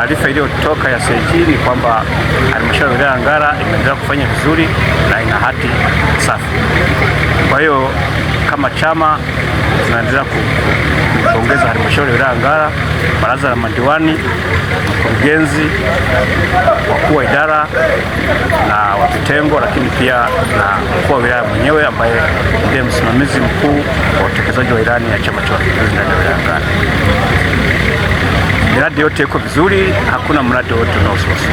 taarifa iliyotoka ya CAG ni kwamba halmashauri ya wilaya Ngara imeendelea kufanya vizuri na ina hati safi. Kwa hiyo kama chama tunaendelea kuipongeza halmashauri ya wilaya Ngara, baraza la madiwani, mkurugenzi, wakuu wa idara na wa vitengo, lakini pia na mkuu wa wilaya mwenyewe ambaye ndiye msimamizi mkuu wa utekelezaji wa ilani ya Chama cha Mapinduzi ndani ya wilaya Ngara yote iko vizuri, hakuna mradi wote unaosuasua.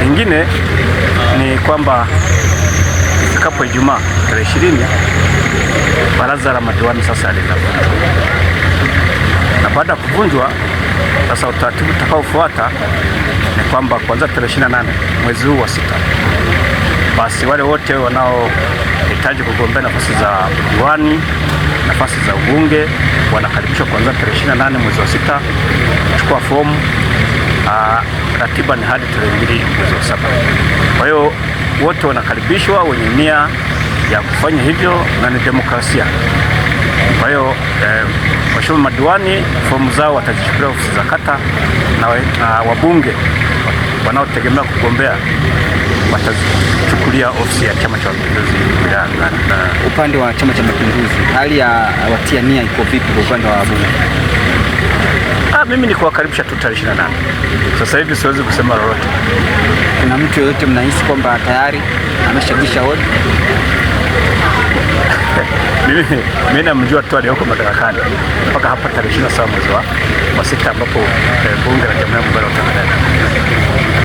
Lingine ni kwamba ifikapo Ijumaa tarehe ishirini baraza la madiwani sasa linavunjwa, na baada ya kuvunjwa sasa utaratibu utakaofuata ni kwamba kuanzia tarehe 28 mwezi huu wa sita basi wale wote wanaohitaji kugombea nafasi za diwani, nafasi za ubunge wanakaribishwa kuanzia tarehe 28 mwezi wa sita kuchukua fomu. Ah, ratiba ni hadi tarehe mbili mwezi wa saba. Kwa hiyo wote wanakaribishwa wenye nia ya kufanya hivyo na ni demokrasia. Kwa hiyo eh, waheshimiwa madiwani fomu zao watazichukulia ofisi za kata na, na wabunge wanaotegemea kugombea watachukulia ofisi ya Chama cha Mapinduzi wilaya Ngara. Na upande wa Chama cha Mapinduzi, hali ya watia nia iko vipi kwa upande wa bunge? Ah, mimi ni kuwakaribisha tu tarehe 28. Sasa hivi siwezi kusema lolote. Kuna mtu yoyote mnahisi kwamba tayari ameshabisha hodi? Mimi namjua tu aliyoko madarakani mpaka hapa tarehe 27 mwezi wa sita ambapo eh, bunge la Jamhuri ya Muungano wa Tanzania